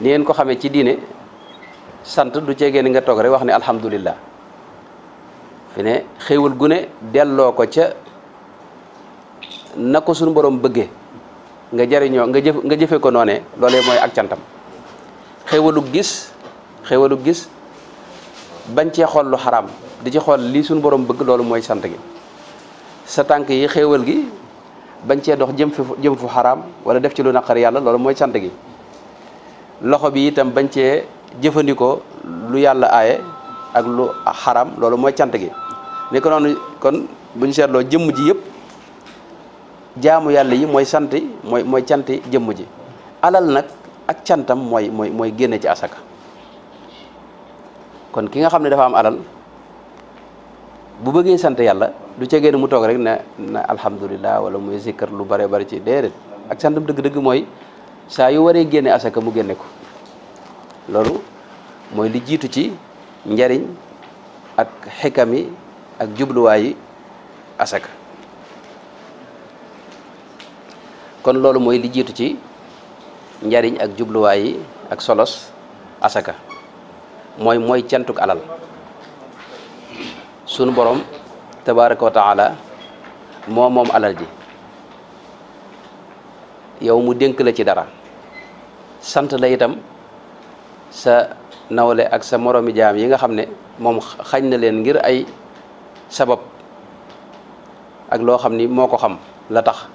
ni ngeen ko xamé ci diiné sant du jege nga tok rek wax ni alhamdulillah fi ne xéewal gu ne ko ca nako suñu borom bëggé nga jariño nga jëf nga jëfé ko noné lolé moy ak ciantam xéewalu gis xéewalu gis bañ ci xol lu haram di ci xol li suñu borom bëgg lolou moy sant gi sa tank yi xéewal gi bañ ci dox jëm fi jëm fu haram wala def ci lu naqari yalla lolou moy sant gi loxo bi itam bañ cee jëfandikoo lu yàlla aaye ak lu xaram loolu mooy cant gi ni noonu kon buñ ñu seetloo jëmm ji yépp jaamu yàlla yi mooy sant mooy mooy canti jëmm ji alal nag ak cantam mooy mooy mooy génne ci asaka kon ki nga xam ne dafa am alal bu bëggee sant yàlla lu ca génn mu toog rek ne na alhamdulillah wala muy sikkar lu bare bari ci déedéet ak santam dëgg-dëgg mooy saa yu waree génne asaka mu génne ko loolu mooy li jiitu ci njariñ ak xikam yi ak jubluwaayi asaka kon loolu mooy li jiitu ci njariñ ak jubluwaayi ak solos asaka mooy mooy cantuk alal sunu boroom tabaraka wa moo moom alal ji yow mu dénk la ci dara sant la itam sa nawle ak sa moroomi jaam yi nga xam ne moom xañ na leen ngir ay sabab ak loo xam ni moo ko xam la tax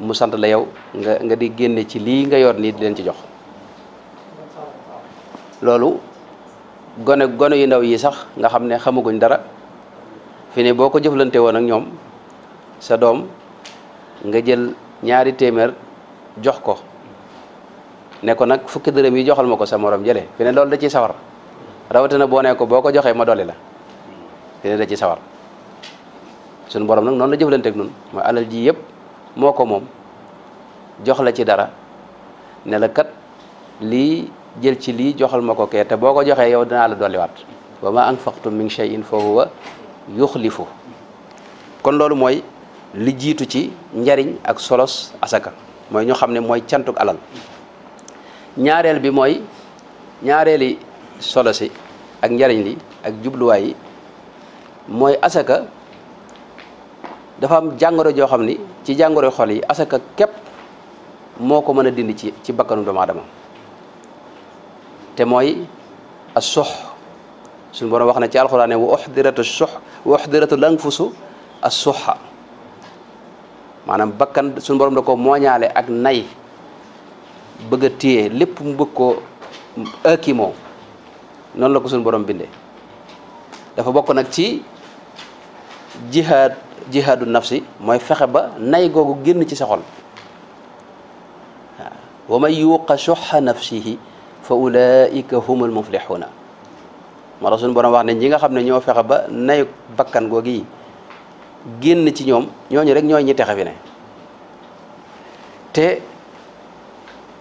mu sant la yow nga nga di génne ci lii nga yor nii di leen ci jox loolu gone gone yu ndaw yi sax nga xam ne xamaguñ dara fi ne boo ko jëflante woon ak ñoom sa doom nga jël ñaari téeméer jox ko ne ko nak fukki dërëm yi joxal mako sa morom jele fi ne lol da ci sawar rawatina bo ne ko boko joxe ma doli la fi ne da ci sawar sun borom nak non la ak nun mooy alal ji yeb moko mom jox la ci dara ne la kat li jël ci li joxal mako ke te boko joxe yow dana la wat wa ma anfaqtum min shay'in fa huwa yukhlifu kon lolou moy li jitu ci njariñ ak solos asaka moy ñu xamne moy alal ñaareel bi mooy ñaareeli solosi ak njariñ li ak jubluwaay yi mooy asaka dafa am jàngoro joo xam ni ci jàngoro xol yi asaka képp moo ko mën a dind ci ci bakkanu doomu te mooy a sox suñu borom wax na ci alxuraan ne wa uxdiratu sox wa uxdiratu lanfusu a soxa maanaam bakkan suñu borom da ko mooñaale ak nay bëgg a lépp mu bëgg koo aakimoo noonu la ko suñu borom bindee dafa bokk nag ci jihaad jihaadu nafsi mooy fexe ba nay googu génn ci sa xol wa man yuuqa suxa nafsihi fa ulaika humul muflixuuna moo tax suñu borom wax ne ñi nga xam ne ñoo fexe ba nay bakkan googu yi génn ci ñoom ñooñu rek ñooy ñi texe te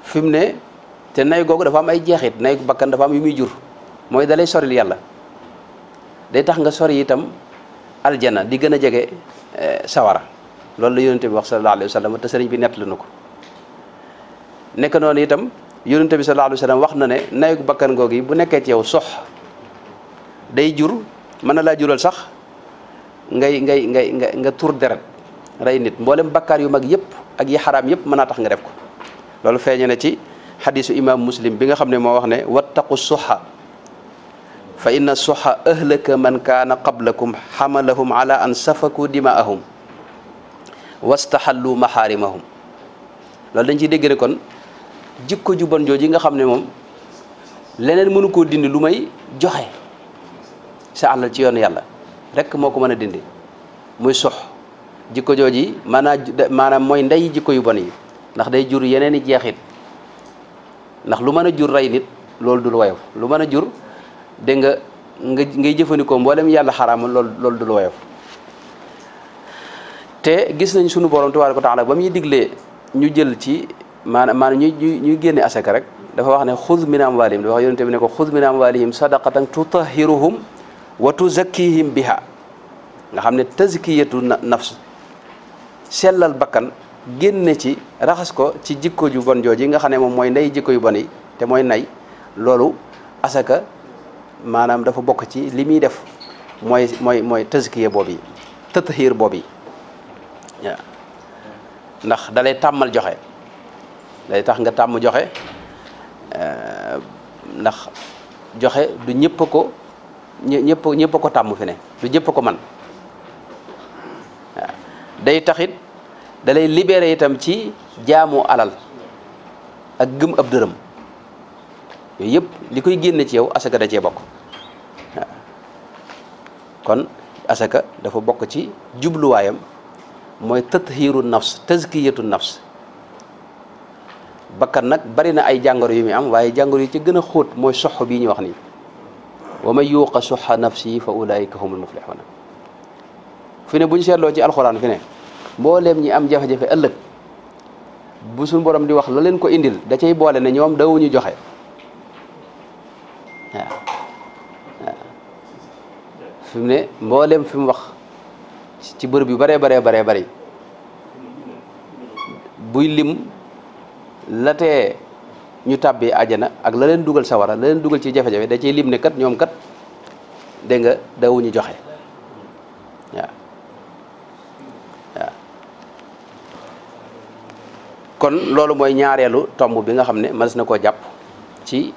fi mu ne te nay googu dafa am ay jeexit nay bakkan dafa am yu muy jur mooy dalay soril yàlla day tax nga sori itam aljana di gën a jege eh, sawara loolu la yonente bi wax sallallahu alayhi wa sallam te sëriñ bi nett la ko nekk noonu itam yonente bi sallallahu alayhi wa sallam wax na ne nayu bakkan googu yi bu nekkee ci yow sox day jur mën na laa jural sax ngay ngay ngay nga tur deret rey nit mboolem bakkaar yu mag yëpp ak yi xaraam yëpp mën naa tax nga def ko loolu feeñe na ci xadisu imam muslim bi nga xam ne moo wax ne wattaqu suxa fa inna suxa ahlaka man kaana qablakum xamalahum ala an safaku dimaahum wastaxallu maxaarimahum loolu dañ ciy dégg ne kon jikko ju bon jooji nga xam ne moom leneen mënu koo dindi lu may joxe sa àllal ci yoon yàlla rek moo ko mën a dindi muy sox jikko jooji maanaam maanaam mooy ndey jikko yu bon yi ndax day jur yeneen i jeexit ndax lu mën a jur rey nit loolu dul woyof lu mën a jur dégg nga nga ngay jëfandikoo mboolem yàlla xaraamal loolu loolu dul woyof te gis nañ sunu borom tabaaraka tax la ba ñu diglee ñu jël ci maanaam maanaam ñuy ñuy génne asaka rek dafa wax ne xuz min amwalihim dafa wax yonente bi ne ko xuz min amwalihim sadaqatan tutahiruhum wa tuzakkihim biha nga xam ne tazkiyatu nafs sellal bakkan génne ci raxas ko ci jikko ju bon jooji nga xam ne moom mooy ndey jikko yu bon yi te mooy nay loolu asaka maanaam dafa bokk ci li muy def mooy mooy mooy tëskiye boobu yi tëtxiir boobu yi ndax dalay tàmmal joxe day tax nga tàmm joxe ndax joxe du ñëpp ko ñëpp ñëpp ko tàmm fi ne du ñëpp ko man day taxit dalay lay libéré itam ci jaamu alal ak gëm ab deureum yoy yep likoy genn ci yow asaka da ci bok kon asaka dafa bok ci wayam moy tathiiru nafs tazkiyatu nafs bakkar nak bari na ay jàngoro yu mi am waye jàngoro yu ci gëna xóot moy sox bi ñu wax ni wa man yuuqa suxa nafsi fa ulaayika humul muflixuuna fi ne bu ñu ci alxuraan fi ne mbooleem ñi am jafe-jafe ëllëg bu suñu borom di wax la leen ko indil da ciy boole na ñoom dawuñu joxe waaw waaw fi mu ne mbooleem fi wax ci bërëb yu baree baree baree bari buy lim la tee ñu tàbbi àjjana ak la leen dugal sawara la leen dugal ci jafe-jafe da cay lim ne kat ñoom kat dégg nga dawuñu joxe kon lolu moy ñaarelu tombu bi nga xamne mas mës na koo jàpp ci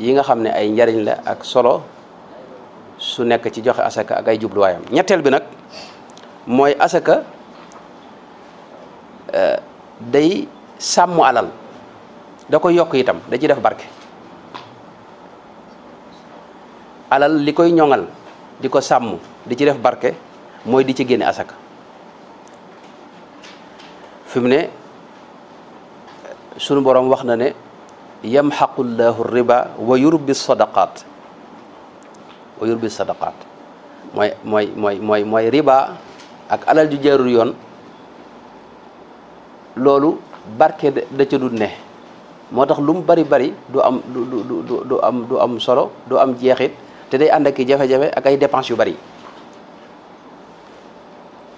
yi nga xamne ay ñariñ la ak solo su nek ci joxe asaka ak ay wayam ñettel bi nak moy asaka euh, day sammu alal da ko yok itam da ci def barke alal likoy ñongal diko di ko di ci def barke moy di ci gini asaka fimne sunu borom wax na ne yamxaqu llaahu riba wa yurbi sadaqaat wa yurbi sadaqaat mooy mooy mooy mooy riba ak alal ju jaarul yoon loolu barke da ca ne moo tax lu mu bari bari du am du am du am solo du am jeexit te day ànd ak i jafe-jafe ak ay dépenses yu bari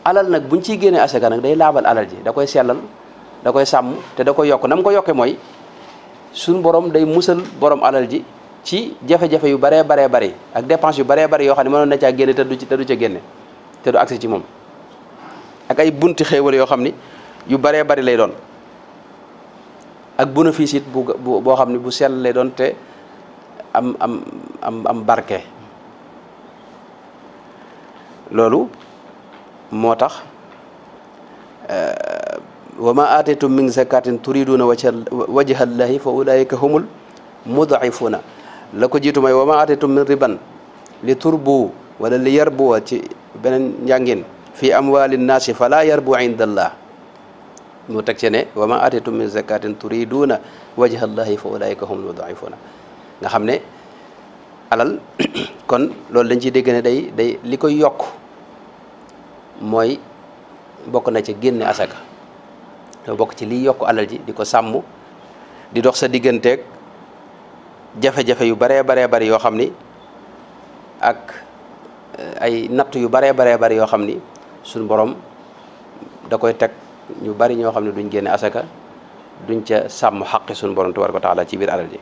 alal nag buñ ciy génnee asaka nag day laabal alal ji da koy sellal da koy sàmm te da koy yokk na mu ko yokke mooy suñ borom day musal borom alal ji ci jafe-jafe yu baree baree bari ak dépense yu baree bari yoo xam ne mënoon na caa génne du te du ca génne te du ci moom ak ay bunti yoo xam ni yu baree bari lay doon ak bénéfice it bu boo xam ne bu sell lay doon te am am am am barke loolu moo tax وما آتيتم من زكاة تريدون وجه الله فأولئك هم المضعفون لكو جيتم وما آتيتم من ربا لتربو ولا ليربو في أموال الناس فلا يربو عند الله متكشنه وما آتيتم من زكاة تريدون وجه الله فأولئك هم المضعفون نحن alal kon lolou lañ ci déggene day day likoy yok moy bokk na ci génné asaka dafa bokk ci liy yokk alal ji di ko sàmm di dox sa digganteeg jafe-jafe yu baree baree bari yoo xam ni ak eh, ay natt yu baree baree bari yoo xam ni suñ borom da koy teg ñu bari ñoo xam ne duñ génne asaka duñ ca sàmm xaqi suñu borom tabaaraka wa taala ci biir alal ji